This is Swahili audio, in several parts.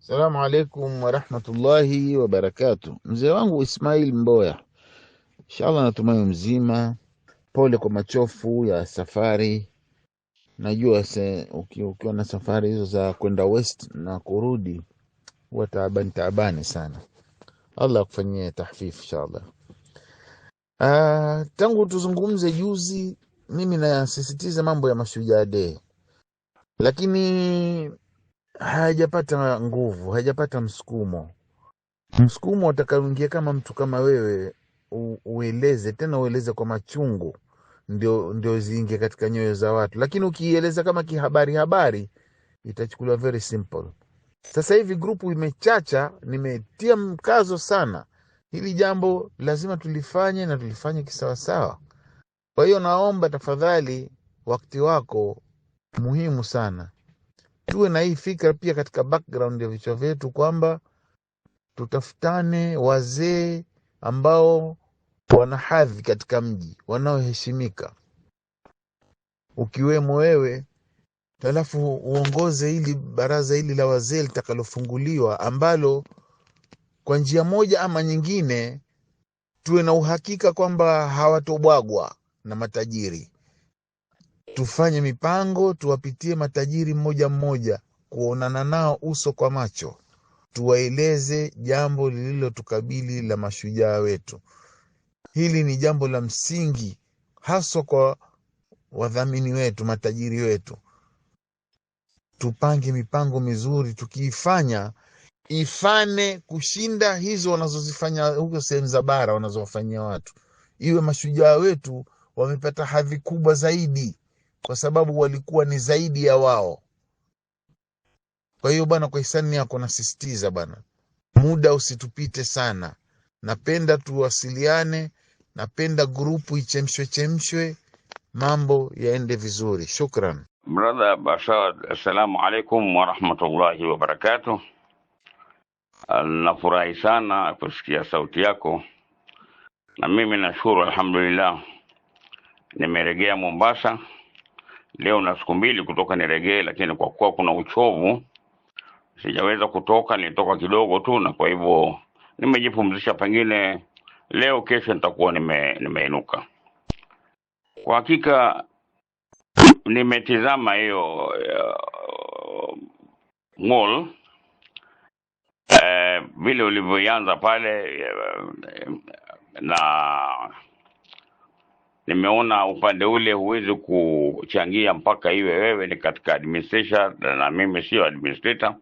Salamu alaikum warahmatullahi wabarakatu. Mzee wangu Ismail Mboya, inshallah natumai mzima. Pole kwa machofu ya safari, najua ukiwa na safari hizo za kwenda west na kurudi huwa taabani taabani sana. Allah akufanyie tahfifu inshallah. Ah, tangu tuzungumze juzi, mimi nasisitiza mambo ya Mashujaa Day, lakini hayajapata nguvu, hayajapata msukumo. Hmm. Msukumo utakaoingia kama mtu kama wewe ueleze tena, ueleze kwa machungu, ndio, ndio ziingie katika nyoyo za watu, lakini ukieleza kama kihabari habari itachukuliwa very simple. Sasa hivi grupu imechacha, nimetia mkazo sana hili jambo, lazima tulifanye na tulifanye kisawasawa. Kwa hiyo naomba tafadhali, wakati wako muhimu sana tuwe na hii fikra pia katika background ya vichwa vyetu kwamba tutafutane wazee ambao wana hadhi katika mji, wanaoheshimika, ukiwemo wewe halafu uongoze hili baraza hili la wazee litakalofunguliwa, ambalo kwa njia moja ama nyingine tuwe na uhakika kwamba hawatobwagwa na matajiri tufanye mipango, tuwapitie matajiri mmoja mmoja, kuonana nao uso kwa macho, tuwaeleze jambo lililotukabili la mashujaa wetu. Hili ni jambo la msingi haswa kwa wadhamini wetu, matajiri wetu. Tupange mipango mizuri, tukiifanya ifane kushinda hizo wanazozifanya huko sehemu za bara, wanazowafanyia watu. Iwe mashujaa wetu wamepata hadhi kubwa zaidi kwa sababu walikuwa ni zaidi ya wao. Kwa hiyo bwana, kwa hisani yako nasisitiza bwana, muda usitupite sana. Napenda tuwasiliane, napenda grupu ichemshwe chemshwe, mambo yaende vizuri. Shukran brother Bashad. Assalamu alaikum warahmatullahi wabarakatuh. Nafurahi sana kusikia sauti yako, na mimi nashukuru, alhamdulillah, nimerejea Mombasa. Leo na siku mbili kutoka niregee, lakini kwa kuwa kuna uchovu sijaweza kutoka, nilitoka kidogo tu, na kwa hivyo nimejipumzisha. Pengine leo kesho nitakuwa nime, nimeinuka. Kwa hakika nimetizama hiyo uh, mall eh, vile uh, ulivyoianza pale uh, na nimeona upande ule huwezi kuchangia mpaka iwe wewe ni katika administration na mimi sio administrator.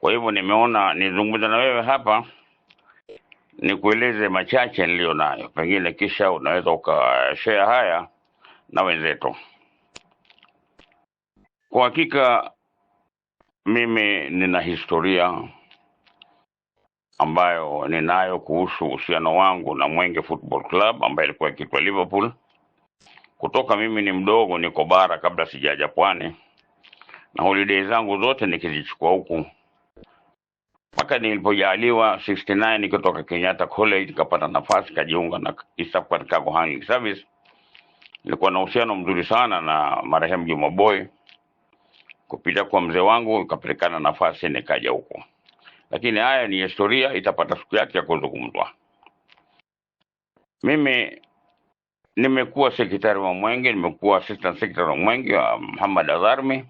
Kwa hivyo nimeona nizungumza na wewe hapa, nikueleze machache niliyo nayo, pengine kisha unaweza ukashare haya na wenzetu. Kwa hakika mimi nina historia ambayo ninayo kuhusu uhusiano wangu na Mwenge Football Club ambayo ilikuwa ikiitwa Liverpool. Kutoka mimi ni mdogo, niko bara kabla sijaja pwani, na holiday zangu zote nikizichukua huku mpaka nilipojaliwa 69 nikitoka Kenyatta College nikapata nafasi kajiunga na East African Cargo Handling Service. Nilikuwa na uhusiano mzuri sana na marehemu Juma Boy, kupita kwa mzee wangu ikapelekana nafasi nikaja huko lakini haya ni historia, itapata siku yake ya kuzungumzwa. Mimi nimekuwa sekretari wa Mwenge, nimekuwa assistant secretary wa Mwenge wa Muhammad Adharmi.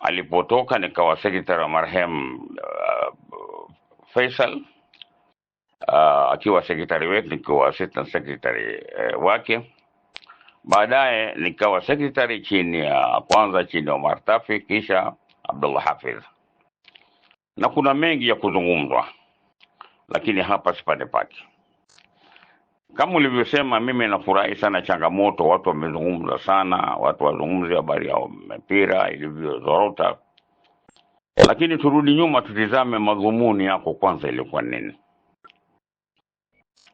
Alipotoka nikawa sekretari wa marehemu uh, Faisal uh, akiwa sekretari wetu, nikiwa assistant secretary uh, wake. Baadaye nikawa sekretari chini ya uh, kwanza chini ya Omar Tafi, kisha Abdullah Hafidh na kuna mengi ya kuzungumzwa, lakini hapa sipande pake. Kama ulivyosema, mimi nafurahi sana changamoto, watu wamezungumza sana, watu wazungumze habari ya mpira ilivyozorota, lakini turudi nyuma, tutizame madhumuni yako kwanza ilikuwa nini?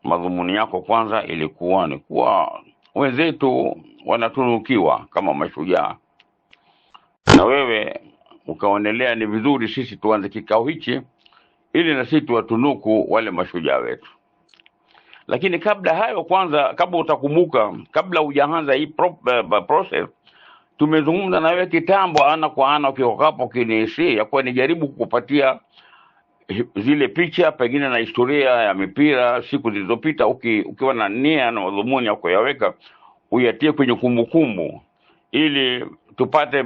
Madhumuni yako kwanza ilikuwa ni kuwa wenzetu wanatunukiwa kama mashujaa, na wewe ukaonelea ni vizuri sisi tuanze kikao hichi ili na sisi tuwatunuku wale mashujaa wetu. Lakini kabla hayo, kwanza, kabla utakumbuka, kabla hujaanza hii pro, uh, process tumezungumza na wewe kitambo, ana kwa ana, ukikapo kinisi ya kuwa nijaribu kukupatia zile picha pengine na historia ya mipira siku zilizopita, uki, ukiwa na nia na madhumuni ya kuyaweka uyatie kwenye kumbukumbu, ili tupate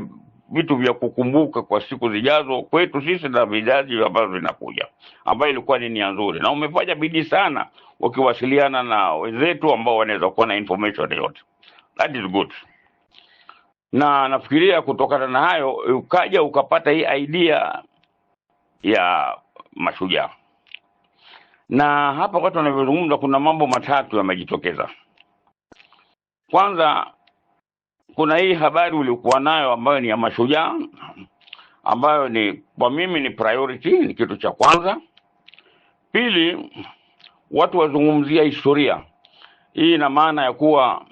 vitu vya kukumbuka kwa siku zijazo kwetu sisi na vizazi ambavyo vinakuja, ambayo ilikuwa ni nia nzuri, na umefanya bidii sana ukiwasiliana na wenzetu ambao wanaweza kuwa na information yote. That is good na nafikiria kutokana na hayo ukaja ukapata hii idea ya mashujaa. Na hapa watu wanavyozungumza, kuna mambo matatu yamejitokeza. Kwanza, kuna hii habari uliokuwa nayo ambayo ni ya mashujaa ambayo ni kwa mimi ni priority, ni kitu cha kwanza. Pili, watu wazungumzia historia hii, ina maana ya kuwa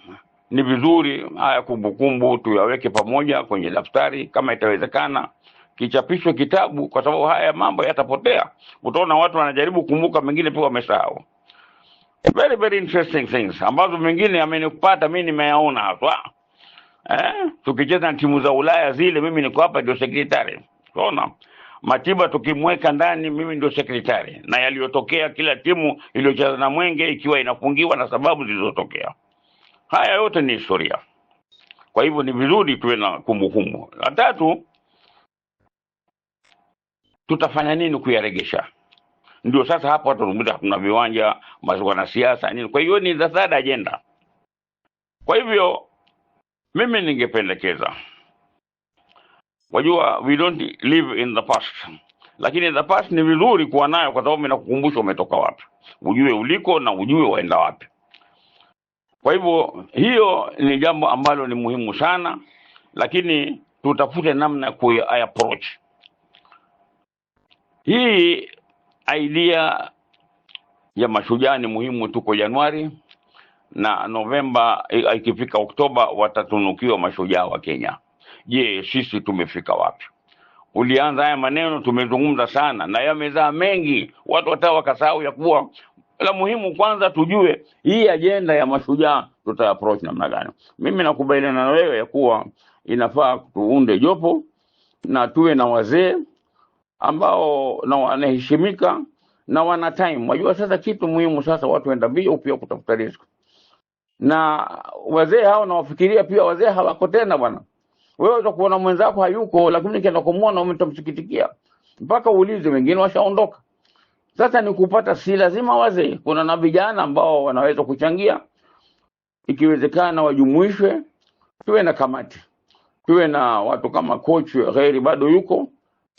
ni vizuri haya kumbukumbu tuyaweke pamoja kwenye daftari, kama itawezekana kichapishwe kitabu, kwa sababu haya mambo yatapotea. Utaona watu wanajaribu kukumbuka, mengine pia wamesahau very very interesting things ambazo mengine amenipata mimi nimeyaona haswa eh? Tukicheza na timu za Ulaya zile, mimi niko hapa ndio sekretari. Unaona, Matiba tukimweka ndani, mimi ndio sekretari, na yaliyotokea kila timu iliyocheza na Mwenge ikiwa inafungiwa na sababu zilizotokea, haya yote ni historia. Kwa hivyo ni vizuri tuwe na kumbukumbu. La tatu, tutafanya nini kuyaregesha? Ndio sasa hapa watu wanazungumza viwanja, wanasiasa nini. Kwa hiyo ni the third agenda. Kwa hivyo mimi ningependekeza, wajua we don't live in the past, lakini the past ni vizuri kuwa nayo, kwa sababu inakukumbusha umetoka wapi, ujue uliko na ujue waenda wapi. Kwa hivyo hiyo ni jambo ambalo ni muhimu sana, lakini tutafute namna ya kui approach hii idea ya mashujaa. Ni muhimu, tuko Januari na Novemba eh, ikifika Oktoba watatunukiwa mashujaa wa Kenya. Je, sisi tumefika wapi? Ulianza haya maneno, tumezungumza sana na yamezaa mengi, watu hata wakasahau ya kuwa la muhimu kwanza tujue hii ajenda ya mashujaa tuta approach namna gani. Mimi nakubaliana na wewe ya kuwa inafaa tuunde jopo na tuwe na wazee ambao na wanaheshimika na wana time. Wajua sasa kitu muhimu sasa, watu waenda mbio pia kutafuta riziki na wazee hao nawafikiria pia, wazee hawako tena bwana. Wewe utakuona mwenzako hayuko, lakini nikienda kumuona umetamsikitikia mpaka uulize, wengine washaondoka. Sasa ni kupata, si lazima wazee, kuna na vijana ambao wanaweza kuchangia, ikiwezekana wajumuishwe, tuwe na kamati, tuwe na watu kama coach Gheri bado yuko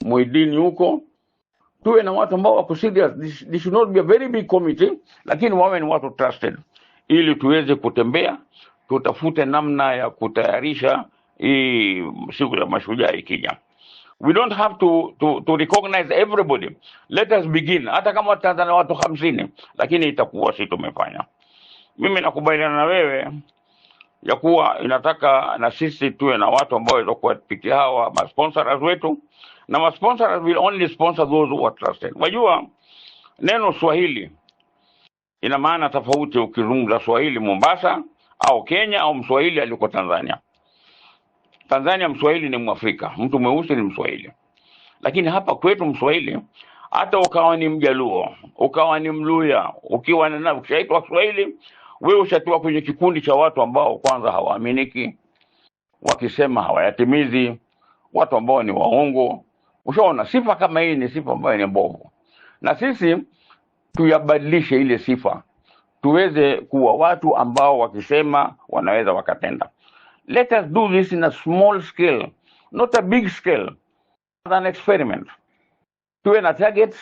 Muidini yuko, tuwe na watu ambao wako serious. This, this should not be a very big committee, lakini wawe ni watu trusted ili tuweze kutembea, tutafute namna ya kutayarisha hii siku ya mashujaa ikija. We don't have to, to, to recognize everybody. Let us begin. Hata kama Tanzania watu hamsini, lakini itakuwa si tumefanya. Mimi nakubaliana na wewe ya kuwa inataka na sisi tuwe na watu ambao watakuwa piki hawa masponsors wetu, na masponsors will only sponsor those who are trusted. Wajua neno Swahili ina maana tofauti ukizungumza Swahili Mombasa au Kenya au Mswahili aliko Tanzania. Tanzania Mswahili ni Mwafrika, mtu mweusi ni Mswahili, lakini hapa kwetu Mswahili hata ukawa ni Mjaluo, ukawa ni Mluya, ukiwa na ukishaitwa Swahili wewe ushatiwa kwenye kikundi cha watu ambao kwanza hawaaminiki, wakisema hawayatimizi, watu ambao ni waongo. Ushaona, sifa kama hii ni sifa ambayo ni mbovu, na sisi tuyabadilishe ile sifa, tuweze kuwa watu ambao wakisema wanaweza wakatenda. Let us do this in a small scale, not a big scale, as an experiment. Tuwe na target,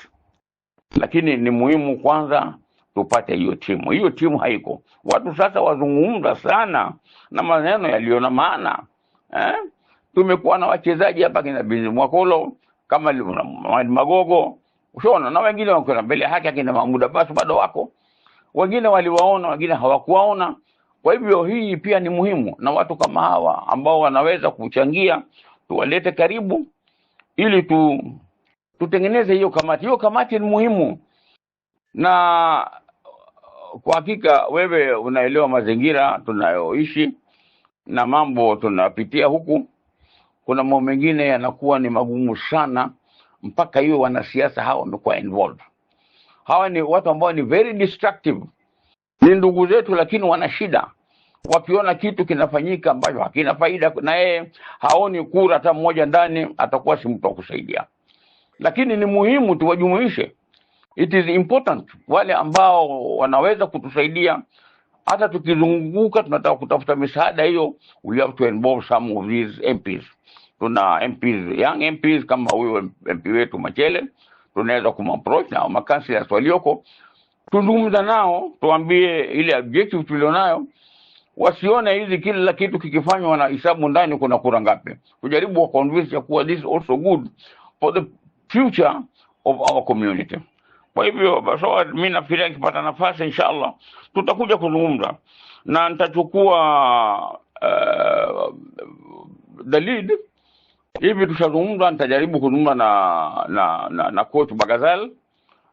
lakini ni muhimu kwanza tupate hiyo timu. Hiyo timu haiko. Watu sasa wazungumza sana na maneno yaliyo na maana eh? Tumekuwa na wachezaji hapa kina Bizi Mwakolo kama Magogo Ushaona, na wengine wakiona mbele haki akina Mahmud Abbas bado wako, wengine waliwaona, wengine hawakuwaona. Kwa hivyo hii pia ni muhimu, na watu kama hawa ambao wanaweza kuchangia tuwalete karibu, ili tu tutengeneze hiyo kamati. Hiyo kamati ni muhimu, na kwa hakika wewe unaelewa mazingira tunayoishi na mambo tunapitia huku. Kuna mambo mengine yanakuwa ni magumu sana mpaka hiyo wanasiasa hawa wamekuwa involved. Hawa ni watu ambao ni very destructive, ni ndugu zetu, lakini wana shida wakiona kitu kinafanyika ambacho hakina faida na yeye haoni kura hata mmoja ndani, atakuwa si mtu wa kusaidia. Lakini ni muhimu tuwajumuishe, it is important, wale ambao wanaweza kutusaidia. Hata tukizunguka tunataka kutafuta misaada hiyo, we have to involve some of these MPs tuna MPs, young MPs kama huyo MP wetu Machele, tunaweza kumapproach na makansila walioko, tuzungumza nao, tuambie ile objective tulionayo, wasione hizi kila kitu kikifanywa na hisabu ndani kuna kura ngapi, tujaribu wa convince ya kuwa this also good for the future of our community. Kwa hivyo basi, mimi nafikiria nikipata nafasi, inshallah tutakuja kuzungumza na nitachukua uh, the lead hivi tushazungumza, nitajaribu kuzungumza na na, na na coach Bagazal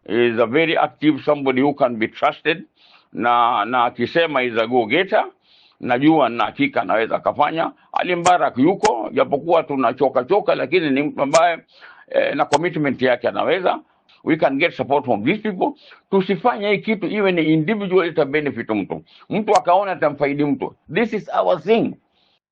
is a very active somebody who can be trusted, na na akisema is a go getter, najua na hakika anaweza akafanya. Ali Mbarak yuko japokuwa tunachoka choka, lakini ni mtu ambaye eh, na commitment yake anaweza we can get support from these people. Tusifanye hii kitu iwe ni individual, ita benefit mtu, mtu akaona atamfaidi mtu. This is our thing.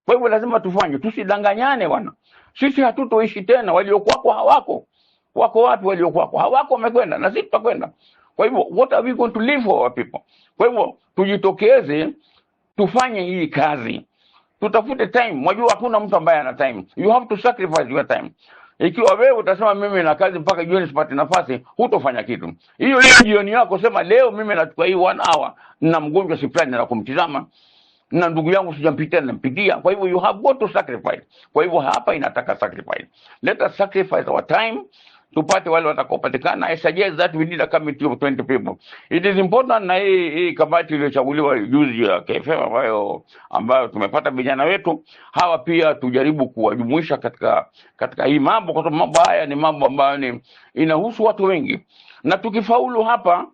Kwa hivyo lazima tufanye, tusidanganyane bwana. Sisi hatutoishi tena, waliokuwako hawako. Wako wapi waliokuwako? Hawako, wamekwenda na sisi tutakwenda. Kwa hivyo what are we going to live for our people? Kwa hivyo tujitokeze, tufanye hii kazi, tutafute time. Mwajua hakuna mtu ambaye ana time, you have to sacrifice your time. Ikiwa wewe utasema mimi na kazi mpaka jioni sipate nafasi, hutofanya kitu. Hiyo leo jioni yako, sema leo mimi nachukua hii one hour na mgonjwa si na kumtizama na ndugu yangu sijampitia, nampitia. Kwa hivyo you have got to sacrifice. Kwa hivyo hapa inataka sacrifice, let us sacrifice our time tupate wale watakaopatikana. I suggest that we need a committee of 20 people. It is important na hii hii kamati iliyochaguliwa juzi ya KFM ambayo ambayo tumepata vijana wetu hawa, pia tujaribu kuwajumuisha katika katika hii mambo, kwa sababu mambo haya ni mambo ambayo ni inahusu watu wengi, na tukifaulu hapa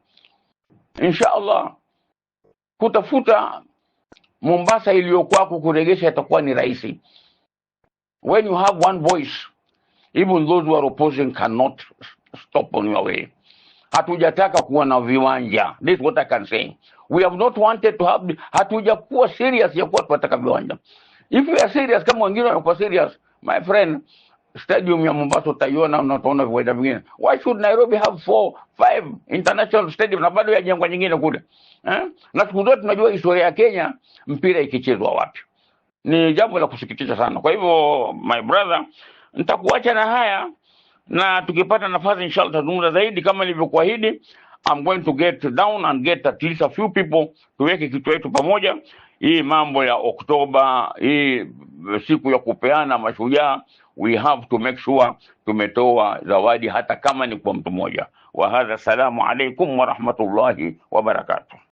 insha Allah kutafuta Mombasa iliyokwako kuregesha itakuwa ni rahisi. When you have one voice, even those who are opposing cannot stop on your way. Hatujataka kuwa na viwanja. This is what I can say. We have not wanted to have, hatujakuwa serious ya kuwa tunataka viwanja. If you are serious kama wengine wanakuwa serious, my friend, stadium ya Mombasa utaiona na utaona viwanja vingine. Why should Nairobi have four, five international stadium na bado yajengwa nyingine kule? eh? na siku zote tunajua historia ya Kenya mpira ikichezwa wapi. Ni jambo la kusikitisha sana. Kwa hivyo my brother, nitakuacha na haya, na tukipata nafasi inshallah tutazungumza zaidi kama nilivyokuahidi. I'm going to get down and get at least a few people, tuweke kichwa yetu pamoja. Hii mambo ya Oktoba, hii siku ya kupeana mashujaa, we have to make sure tumetoa zawadi hata kama ni kwa mtu mmoja. Wa hadha, salamu alaikum wa rahmatullahi wa barakatuh.